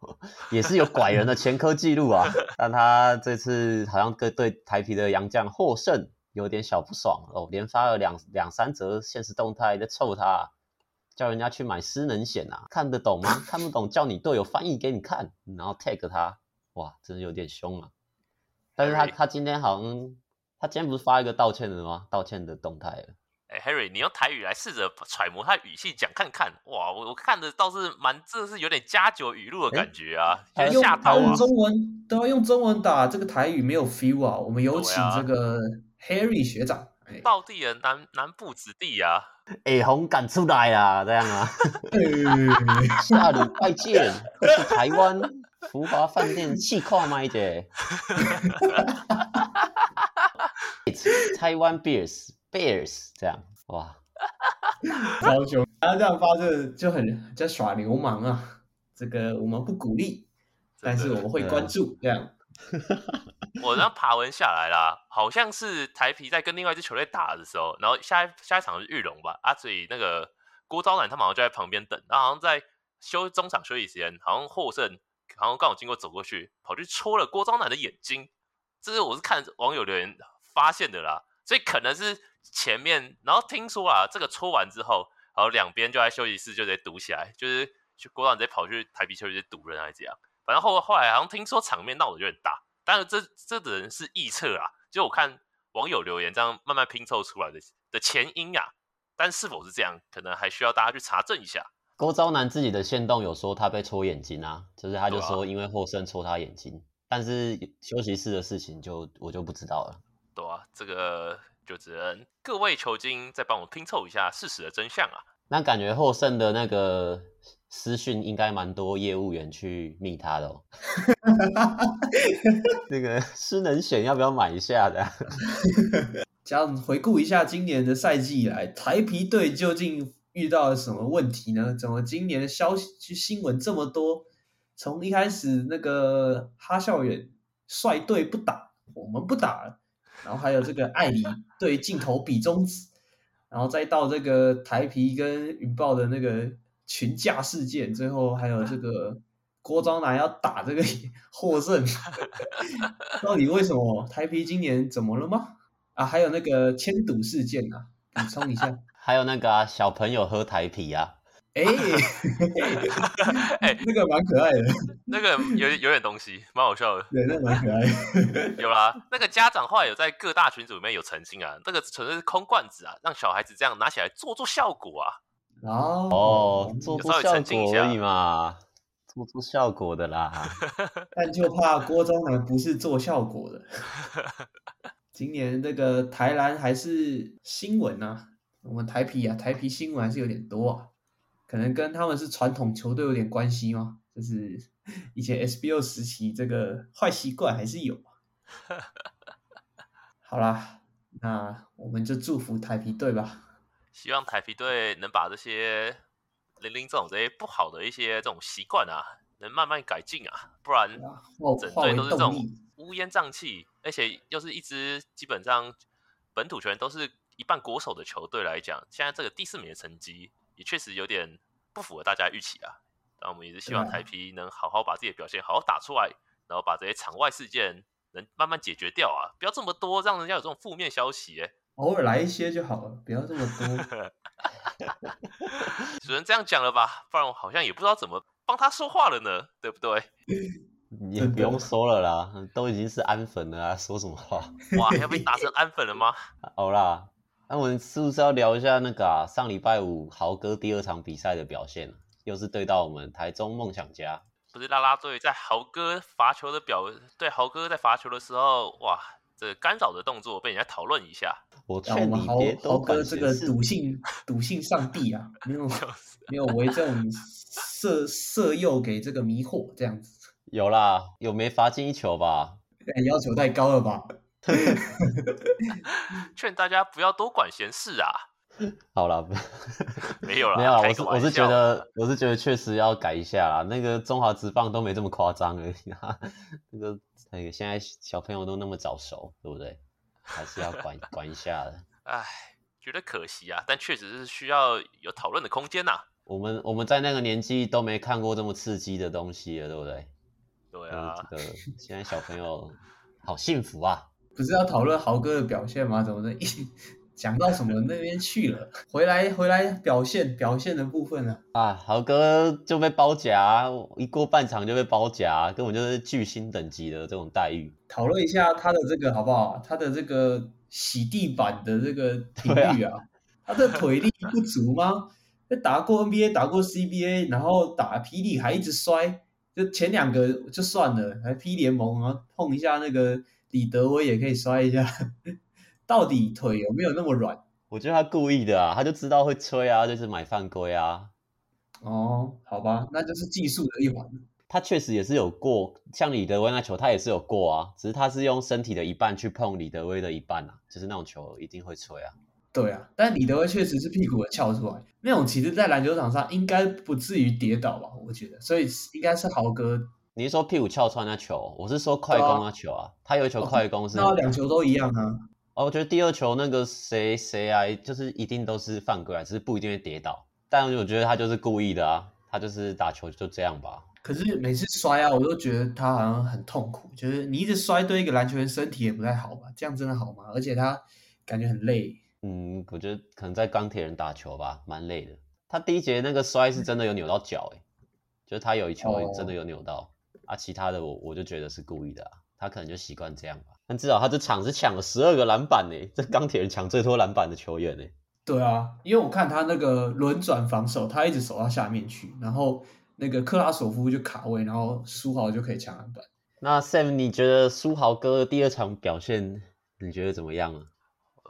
也是有拐人的前科記錄啊， *laughs* 但他這次好像對對台啤的洋將獲勝有點小不爽哦，連發了兩兩三則限時動態在臭他，叫人家去買失能險啊，看得懂嗎？看不懂叫你隊友翻譯給你看，然後 tag 他，哇，真是有點凶啊！但是他他今天好像、嗯、他今天不是發一個道歉的嗎？道歉的動態了。Hey, Harry，你用台語來試着揣摩他的語氣講看看，哇，我我看的倒是蠻，這是有點加酒語錄的感覺啊，嚇到我用中文都要用中文打，這個台語沒有 feel 啊。我們有請這個 Harry 學長，道、啊、地人南南部子弟啊，哎、欸，紅敢出來啊，這樣啊， *laughs* 下禮拜見，去 *laughs* *laughs* 台灣福華飯店吃烤麥姐，台 *laughs* 灣看看 *laughs* beers。Bears 這樣哇，超凶！然後這樣發生就很在耍流氓啊！這個我們不鼓勵，但是我們會關注。嗯、這樣， *laughs* 我剛爬文下來啦，好像是台啤在跟另外一支球隊打的時候，然後下一下一場是裕隆吧？阿、啊、所以那個郭昭南他馬上就在旁邊等，他好像在休中場休息時間，好像獲勝，好像剛好經過走過去，跑去戳了郭昭南的眼睛。這是我是看網友留言發現的啦，所以可能是。前面，然後聽說啊，這個戳完之後，然後兩邊就在休息室就得堵起來，就是去郭昭男直接跑去台啤球直接堵人還是怎樣？反正後後來好像聽說場面鬧得有點大，但是這這的人是臆測啊。就我看網友留言這樣慢慢拼湊出來的的前因呀，啊，但是否是這樣，可能還需要大家去查證一下。郭昭男自己的限動有說他被戳眼睛啊，就是他就說因為霍生戳他眼睛，啊，但是休息室的事情就我就不知道了。對啊，這個。就只能各位求精，再幫我拼湊一下事實的真相啊！那感覺獲勝的那個私訊應該蠻多業務員去密他的哦。 *laughs* *laughs* 那個失能險要不要買一下的？ *laughs* 這樣回顧一下今年的賽季以來，台啤隊究竟遇到了什麼問題呢？怎麼今年的消息、新聞這麼多？從一開始那個哈孝遠率隊不打，我們不打。 *laughs* 然後還有這個艾米對鏡頭比中指，然後再到這個台啤跟雲豹的那個群架事件，最後還有這個郭彰南要打這個獲勝， *laughs* *laughs* 到底為什麼台啤今年怎麼了嗎？啊，還有那個簽賭事件啊，補充一下，還有那個、啊、小朋友喝台啤啊。哎、 *laughs* 欸，哎、 *laughs* 欸，那個蠻可愛的， *laughs* 那個有有點東西，蠻好笑的。對，那蠻、個、可愛的， *laughs* 有啦。那個家長後來有在各大群組裡面有澄清啊，那、這個純粹是空罐子啊，讓小孩子這樣拿起來做做效果啊。哦，做做效果可以嘛，做做效果的啦。 *laughs* 但就怕郭中南不是做效果的。 *laughs* 今年那個台籃還是新聞啊，我們台啤啊，台啤新聞還是有點多啊。可能跟他們是傳統球隊有點關係嗎？就是以前 SBL 時期這個壞習慣還是有。 *laughs* 好啦，那我們就祝福台啤隊吧。希望台啤隊能把這些零零這種這些不好的一些這種習慣啊，能慢慢改進啊，不然整隊都是這種烏煙瘴氣。而且又是一支基本上本土球員都是一半國手的球隊來講，現在這個第四名的成績。也確實有點不符合大家預期啊，但我們也是希望台啤能好好把自己的表現好好打出來，啊，然後把這些場外事件能慢慢解決掉啊，不要這麼多，讓人家有這種負面消息，偶爾來一些就好了，不要這麼多。只 *laughs* *laughs* 能這樣講了吧，不然我好像也不知道怎麼幫他說話了呢，對不對？你也不用說了啦，都已經是安粉了啊，說什麼話？哇，你要被打成安粉了嗎？好啦。那我們是不是要聊一下那個、啊、上禮拜五豪哥第二場比賽的表現，又是對到我們台中夢想家，不是啦啦隊。在豪哥罰球的表，對豪哥在罰球的時候，哇，這個、干擾的動作被人家討論一下。我勸你別都跟，、啊、豪哥這個賭性賭性上帝啊，沒有、就是、 *laughs* 沒有為這種色色誘給這個迷惑這樣子。有啦，有沒罰進一球吧？要求太高了吧？ *laughs* 勸大家不要多管閒事啊！ *laughs* 好了啦， *laughs* 沒有了啦， *laughs* 沒有。我是我是覺得，我是覺得確實要改一下啦。那個中華職棒都沒這麼誇張而已。 *laughs* 那個，那、哎、個，現在小朋友都那麼早熟，對不對？還是要管 *laughs* 管一下的。哎，覺得可惜啊，但確實是需要有討論的空間吶、啊。我們我們在那個年紀都沒看過這麼刺激的東西了，對不對？對啊。就是這個、現在小朋友好幸福啊。不是要討論豪哥的表現嗎？怎麼的，一講到什麼那邊去了？回來回來，表現表現的部分呢、啊？啊，豪哥就被包夾，一過半場就被包夾，根本就是巨星等級的這種待遇。討論一下他的這個好不好？他的這個洗地板的這個頻率啊，啊，他的腿力不足嗎？就 *laughs* 打過 NBA，打過 CBA，然後打 P. League 還一直摔，就前兩個就算了，還 P 聯盟、啊，然後碰一下那個。李德威也可以摔一下， *laughs* 到底腿有沒有那麼軟？我覺得他故意的啊，他就知道會吹啊，就是買犯規啊。哦，好吧，那就是技術的一環。他確實也是有過，像李德威那球，他也是有過啊。只是他是用身體的一半去碰李德威的一半啊，就是那種球一定會吹啊。對啊，但李德威確實是屁股也翹出來，那種其實，在籃球場上應該不至於跌倒吧？我覺得，所以應該是豪哥。你是說屁股翹穿那球？我是說快攻那球啊，啊他有一球快攻是、哦。那兩球都一樣啊。哦，我覺得第二球那個誰誰啊，就是一定都是犯規啊，只、就是不一定會跌倒。但我覺得他就是故意的啊，他就是打球就這樣吧。可是每次摔啊，我都覺得他好像很痛苦。就是你一直摔，對一個籃球員身體也不太好吧？這樣真的好嗎？而且他感覺很累。嗯，我覺得可能在鋼鐵人打球吧，蠻累的。他第一節那個摔是真的有扭到腳誒、欸嗯、就是他有一球真的有扭到。哦啊，其他的我我就覺得是故意的、啊、他可能就習慣這樣吧。但至少他這場是搶了十二個籃板呢、欸，這鋼鐵人搶最多籃板的球員呢、欸。對啊，因為我看他那個輪轉防守，他一直守到下面去，然後那個克拉索夫就卡位，然後書豪就可以搶籃板。那 Sam，你覺得書豪哥的第二場表現你覺得怎麼樣啊？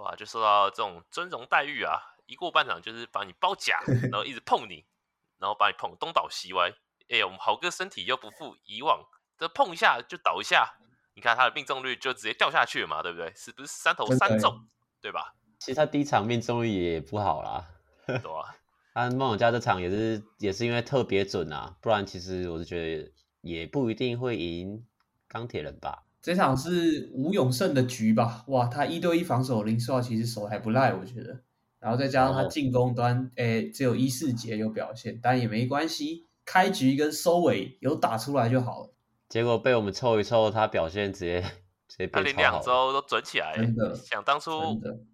哇，就受到這種尊榮待遇啊，一過半場就是把你包夾，然後一直碰你， *laughs* 然後把你碰東倒西歪。哎、欸，我們豪哥身體又不復以往，這碰一下就倒一下。你看他的命中率就直接掉下去了嘛，對不對？是不是三投三中，對吧？其實他第一場命中率也不好啦。對啊。呵呵，但夢想家這場也是也是因為特別準啊，不然其實我是覺得也不一定會贏鋼鐵人吧。這場是吳永盛的局吧？哇，他一對一防守林書豪，其實手還不賴，我覺得。然後再加上他進攻端，哎，只有一四節有表現，但也沒關係。開局跟收尾有打出來就好了，結果被我們湊一湊，他表現直接直接變超好了。他連兩週都準起來，真的，想當初，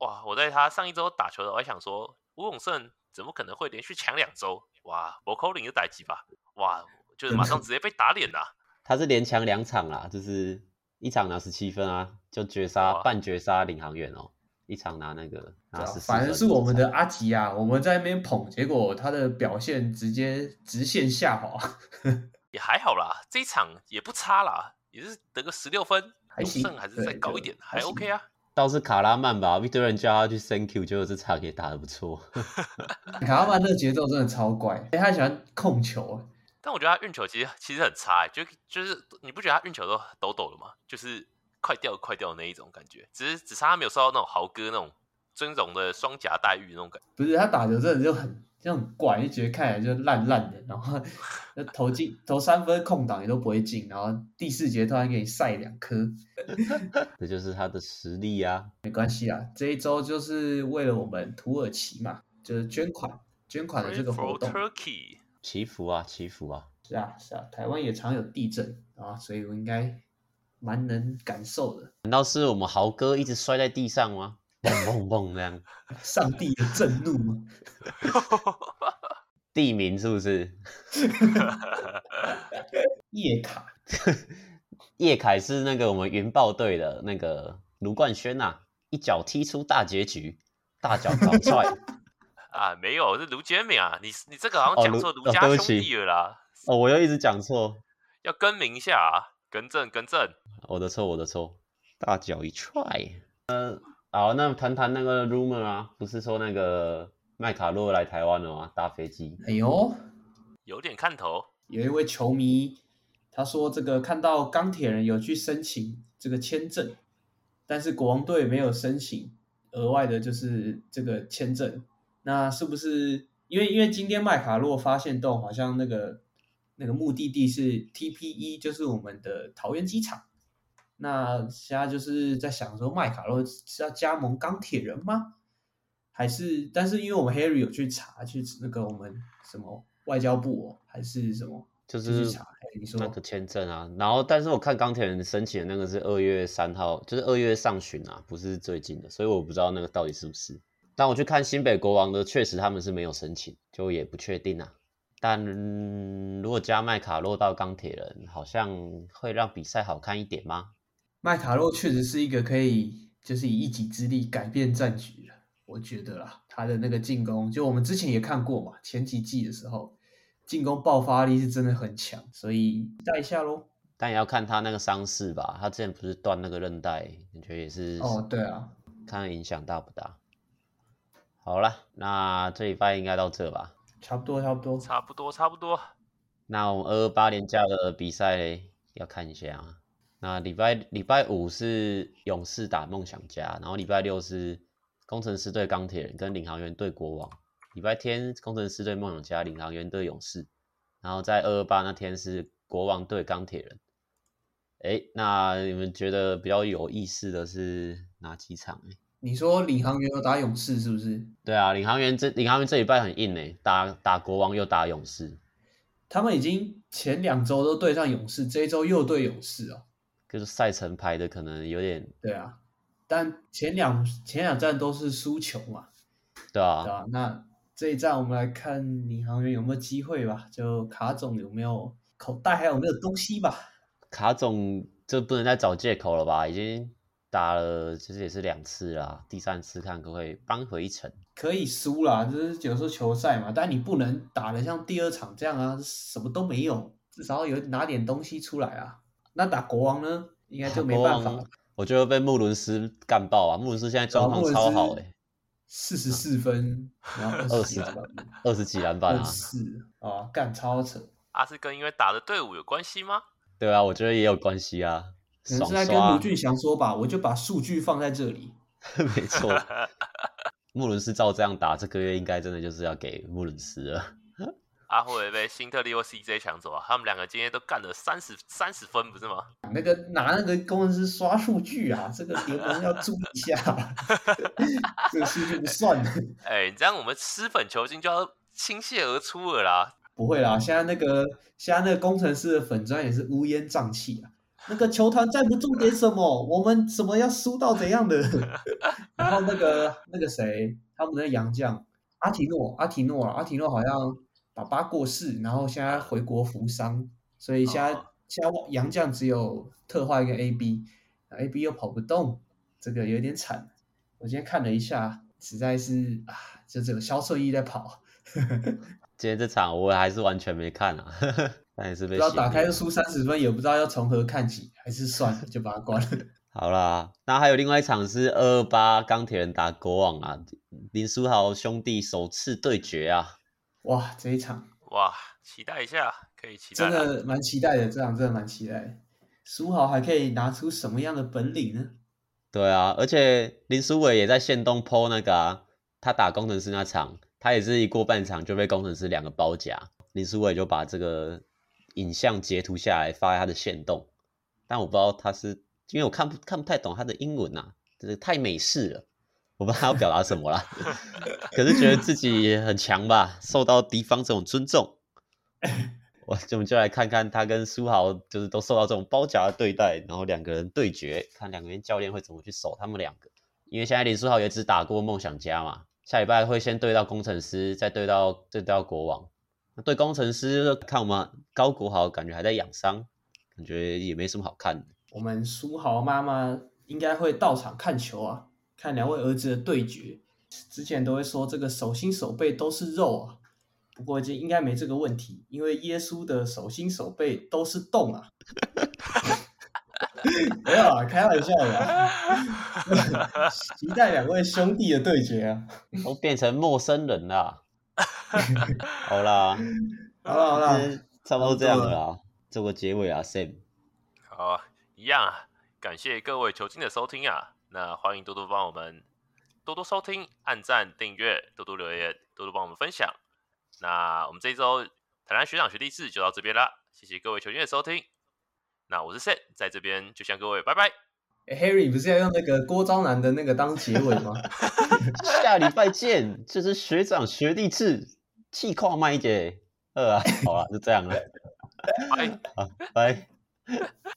哇！我在他上一週打球的，我還想說吳永盛怎麼可能會連續搶兩週？哇，博扣零就逮雞吧？哇，就是馬上直接被打臉了。嗯、他是連搶兩場了，就是一場拿十七分啊，就絕殺、半絕殺領航猿哦。一場拿那個，啊、拿反正是我們的阿吉啊。我們在那邊捧，結果他的表現直接直線下滑。 *laughs* 也還好啦，這一場也不差啦，也是得個十六分，還行勝還是再高一點，還 OK 啊。倒是卡拉曼吧，一堆人叫他去 Thank you，結果這場也打的不錯。 *laughs* 卡拉曼這個節奏真的超怪，他喜歡控球啊，但我覺得他運球其實其實很差、欸，就就是你不覺得他運球都抖抖的嗎？就是。快掉快掉那一種感覺，只是只是他沒有收到那種豪哥那種尊榮的雙夾待遇那種感覺。不是他打球真的就很就很怪，一覺得看起來就爛爛的，然後投進投 *laughs* 三分空檔也都不會進，然後第四節突然給你塞兩顆，這就是他的實力呀、啊。 *laughs* 沒關係啊，這一周就是為了我們土耳其嘛，就是捐款捐款的這個活動。土耳其祈福啊祈福啊！是啊是啊，台灣也常有地震啊，所以我應該。蠻能感受的，難道是我們豪哥一直摔在地上嗎？蹦蹦蹦那樣， *laughs* 上帝的震怒嗎？ *laughs* 地名是不是？葉凱葉凱是那個我們雲豹隊的那個盧冠軒吶、啊，一腳踢出大結局，大腳長踹啊！沒有，是盧建明啊！你你這個好像講錯盧家兄弟了啦！哦，哦哦我又一直講錯，要更名一下，啊，更正，更正。我的錯，我的錯，大腳一踹。呃，好、哦，那談談那個 rumor 啊，不是說那個麥卡洛來台灣了嗎？搭飛機？哎呦，有點看頭。有一位球迷，他說這個看到鋼鐵人有去申請這個簽證，但是國王隊沒有申請額外的，就是這個簽證。那是不是因為因為今天麥卡洛發現到好像那個那個目的地是 TPE，就是我們的桃園機場？那現在就是在想說，麥卡洛是要加盟鋼鐵人嗎？還是？但是因為我們 Harry 有去查，去、就是、那個我們什麼外交部還是什麼，就是查，你說那個簽證啊。然後，但是我看鋼鐵人申請的那個是二月三號，就是二月上旬啊，不是最近的，所以我不知道那個到底是不是。但我去看新北國王的，確實他們是沒有申請，就也不確定啊。但如果加麥卡洛到鋼鐵人，好像會讓比賽好看一點嗎？麥塔洛確實是一個可以，就是以一己之力改變戰局的，我覺得啦，他的那個進攻，就我們之前也看過嘛，前幾季的時候，進攻爆發力是真的很強，所以帶一下咯。但也要看他那個傷勢吧，他之前不是斷那個韌帶，欸，感覺也是哦。對啊，看影響大不大。好了，那這禮拜應該到這吧，差不多，差不多，差不多，差不多。不多，那我們二二八連假的比賽要看一下啊。那禮拜禮拜五是勇士打夢想家，然後禮拜六是工程師對鋼鐵人跟領航員對國王，禮拜天工程師對夢想家，領航員對勇士，然後在二二八那天是國王對鋼鐵人。哎、欸，那你們覺得比較有意思的是哪幾場、欸？哎，你說領航員要打勇士是不是？對啊，領航員這領航員這禮拜很硬哎、欸，打打國王又打勇士，他們已經前兩周都對上勇士，這一周又對勇士哦。就是賽程排的可能有點。對啊，但前兩前兩站都是輸球嘛，對啊，對啊，那這一站我們來看領航猿有沒有機會吧，就卡總有沒有口袋還有沒有東西吧，卡總就不能再找借口了吧，已經打了其實也是兩次啦，第三次看可不可以扳回一城，可以輸啦，就是有時候球賽嘛，但你不能打得像第二場這樣啊，什麼都沒有，至少有拿點東西出來啊。那打國王呢？應該就沒辦法。我覺得被穆倫斯幹爆啊！穆倫斯現在狀況超好哎、欸，四十四分，二十，二 *laughs* 十幾籃板啊！啊、哦，幹超扯！啊，是跟因為打的隊伍有關係嗎？對啊，我覺得也有關係啊。你是在跟盧俊祥說，說吧、啊，我就把數據放在這裡。 *laughs* 沒錯，穆倫斯照這樣打，這個月應該真的就是要給穆倫斯了。阿霍也被新特利或 CJ 搶走啊！他們兩個今天都幹了三十三十分，不是嗎？那個拿那個工程師刷數據啊， *laughs* 這個聯盟要注意一下。這個數據不算了。哎、欸，這樣我們吃粉球星就要傾瀉而出了啦！不會啦，現在那個現在那個工程師的粉磚也是烏煙瘴氣啊！那個球團再不做點什麼， *laughs* 我們什麼要輸到怎樣的？然 *laughs* 後那個那個誰，他們的洋將阿提諾，阿提諾，阿提諾好像。爸爸過世，然後現在回國服喪，所以現在、啊、現在洋將只有特化一個 A B，A B 又跑不動，這個有點慘。我今天看了一下，實在是啊，就只有銷售一在跑呵呵。今天這場我還是完全沒看啊，那也是沒不知道打開就輸三十分，也不知道要從何看起，還是算了，就把它關了。 *laughs* 好啦，那還有另外一場是二二八鋼鐵人打國王啊，林書豪兄弟首次對決啊。哇，這一場哇，期待一下，可以期待，真的蠻期待的，這場真的蠻期待的。書豪還可以拿出什麼樣的本領呢？對啊，而且林書緯也在限動 PO 那個啊，他打工程師那場，他也是一過半場就被工程師兩個包夾，林書緯就把這個影像截圖下來發在他的限動，但我不知道他是因為我看不看不太懂他的英文吶、啊，這，就是太美式了。 *laughs* 我不知道要表達什麼了，可是覺得自己也很強吧，受到敵方這種尊重。我，我們就來看看他跟書豪，就是都受到這種包夾的對待，然後兩個人對決，看兩個人教練會怎麼去守他們兩個。因為現在林書豪也只打過夢想家嘛，下禮拜會先對到工程師，再對到對到國王。那對工程師，看我們高國豪感覺還在養傷，感覺也沒什麼好看的 *laughs* 我們書豪媽媽應該會到場看球啊。看兩位兒子的對決，之前都會說這個手心手背都是肉啊，不過這應該沒這個問題，因為耶穌的手心手背都是洞啊。沒有啊，開玩笑的。 *laughs* *laughs* *laughs* *laughs* *laughs* 期待兩位兄弟的對決啊， *laughs* 都變成陌生人了、啊。 *laughs* 好啦， *laughs* 好啦，好啦好啦，差不多這樣了啊。這個結尾也、啊、Sam 好，一樣啊。感謝各位球親的收聽啊。那歡迎多多幫我們多多收聽、按讚、訂閱、多多留言、多多幫我們分享。那我們這一周台籃學長學帝雉就到這邊了，謝謝各位球員的收聽。那我是 Sen，在這邊就向各位拜拜。Harry 不是要用那個郭招男的那個當結尾嗎？ *laughs* *laughs* 下禮拜見。這、就是學長學帝雉，氣泡慢一點。呃，好、啊好啊、就了，是這樣的，拜好拜。